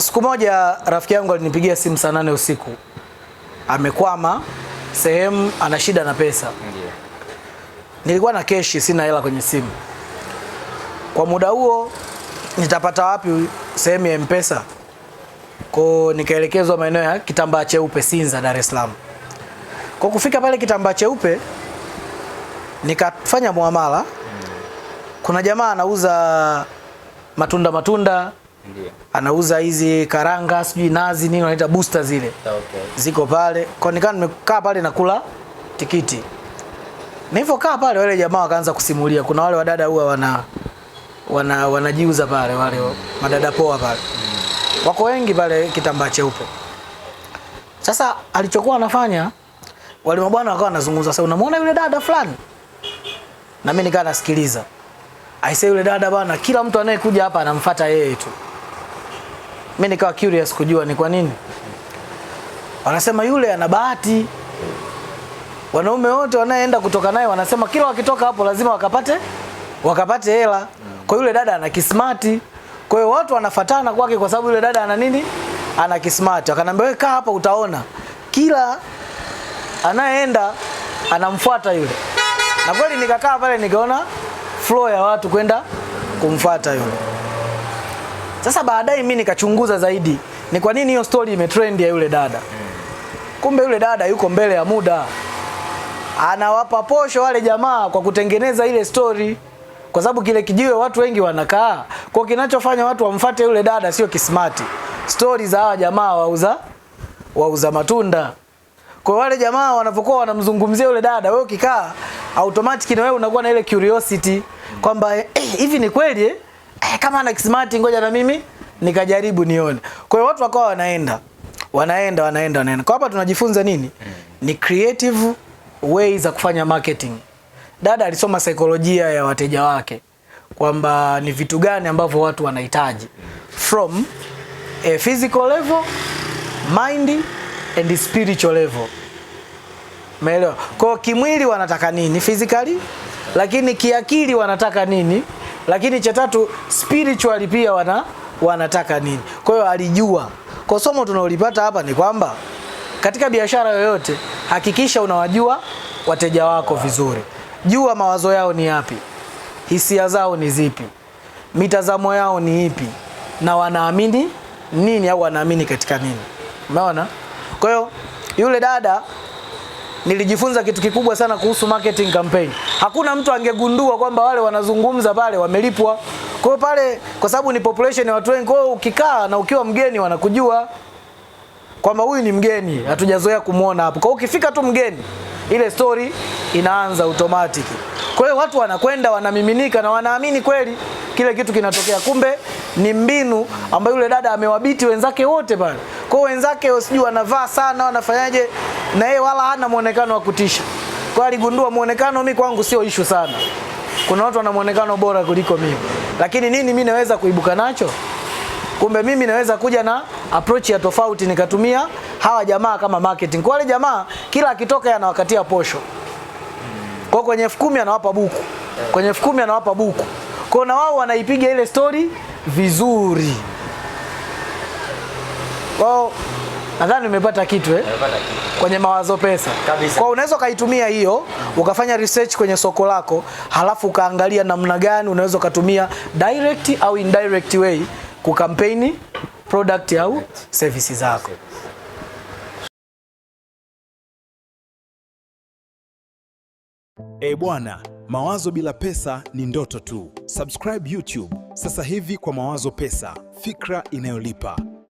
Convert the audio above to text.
Siku moja rafiki yangu alinipigia simu saa nane usiku, amekwama sehemu, ana shida na pesa. Nilikuwa na keshi, sina hela kwenye simu kwa muda huo, nitapata wapi sehemu ya Mpesa? Ko, nikaelekezwa maeneo ya Kitambaa Cheupe, Sinza, Dar es Salaam. Kwa kufika pale Kitambaa Cheupe, nikafanya muamala. Hmm. Kuna jamaa anauza matunda matunda Ndiyo. Anauza hizi karanga, sijui nazi nini wanaita booster zile. Ah, okay. Ziko pale. Kwa nikaa nimekaa pale nakula tikiti. Nilivyokaa pale wale jamaa wakaanza kusimulia. Kuna wale wadada huwa wana wana wanajiuza pale wale madada poa pale. Hmm. Wako wengi pale kitambaa cheupe. Sasa alichokuwa anafanya wale mabwana wakawa wanazungumza, sasa unamwona yule dada fulani? Na mimi nikaa nasikiliza. Aisee, yule dada bwana, kila mtu anayekuja hapa anamfuata yeye tu mi nikawa curious kujua ni kwa nini. Wanasema yule ana bahati. Wanaume wote wanaenda kutoka naye wanasema kila wakitoka hapo lazima wakapate wakapate hela. Kwa yule dada ana kismati. Kwa hiyo watu wanafatana kwake kwa sababu yule dada ana nini? Ana kismati. Akanambia wewe kaa hapa utaona. Kila anayeenda anamfuata yule. Na kweli nikakaa pale nikaona flow ya watu kwenda kumfuata yule. Sasa baadaye mimi nikachunguza zaidi ni kwa nini hiyo story imetrend ya yule dada. Kumbe yule dada yuko mbele ya muda, anawapa posho wale jamaa kwa kutengeneza ile story, kwa sababu kile kijiwe watu wengi wanakaa kwa, kinachofanya watu wamfate yule dada sio kismati, story za hawa jamaa wauza wauza matunda. Kwa wale jamaa wanapokuwa wanamzungumzia yule dada, wewe ukikaa automatic na wewe unakuwa na ile curiosity kwamba eh, hivi eh, eh, ni kweli eh? eh, kama ana kismati ngoja na mimi nikajaribu nione. Kwa hiyo watu wakawa wanaenda wanaenda wanaenda wanaenda. Kwa hapa tunajifunza nini? Hmm. Ni creative way za kufanya marketing. Dada alisoma saikolojia ya wateja wake kwamba ni vitu gani ambavyo watu wanahitaji from a physical level, mind and spiritual level. Umeelewa? Kwa kimwili wanataka nini physically, lakini kiakili wanataka nini lakini cha tatu spiritually pia wana wanataka nini. Kwa hiyo alijua. Kwa somo tunaolipata hapa ni kwamba katika biashara yoyote hakikisha unawajua wateja wako vizuri, jua mawazo yao ni yapi, hisia zao ni zipi, mitazamo yao ni ipi, na wanaamini nini au wanaamini katika nini. Umeona? Kwa hiyo yule dada nilijifunza kitu kikubwa sana kuhusu marketing campaign hakuna mtu angegundua kwamba wale wanazungumza pale wamelipwa. Kwa pale, kwa sababu ni population ya watu wengi, kwa ukikaa na ukiwa mgeni wanakujua kwamba huyu ni mgeni, hatujazoea kumwona hapo. Kwa ukifika tu mgeni, ile story inaanza automatic. Kwa hiyo watu wanakwenda wanamiminika na wanaamini kweli kile kitu kinatokea, kumbe ni mbinu ambayo yule dada amewabiti wenzake wote pale. Kwa hiyo wenzake sijui wanavaa sana wanafanyaje, na yeye wala hana muonekano wa kutisha. Kwa aligundua muonekano mimi kwangu sio issue sana. Kuna watu wana muonekano bora kuliko mimi. Lakini nini mimi naweza kuibuka nacho? Kumbe mimi naweza kuja na approach ya tofauti nikatumia hawa jamaa kama marketing. Kwa wale jamaa kila akitoka anawakatia posho. Kwa kwenye elfu kumi anawapa buku. Kwenye elfu kumi anawapa buku. Kwa na wao wanaipiga ile story vizuri. Kwao Nadhani umepata kitu eh? kitu kwenye mawazo pesa kabisa. Kwa unaweza ukaitumia hiyo ukafanya research kwenye soko lako, halafu ukaangalia namna gani unaweza ukatumia direct au indirect way kukampeni product au services zako. E bwana, mawazo bila pesa ni ndoto tu. Subscribe YouTube sasa hivi kwa Mawazo Pesa, fikra inayolipa.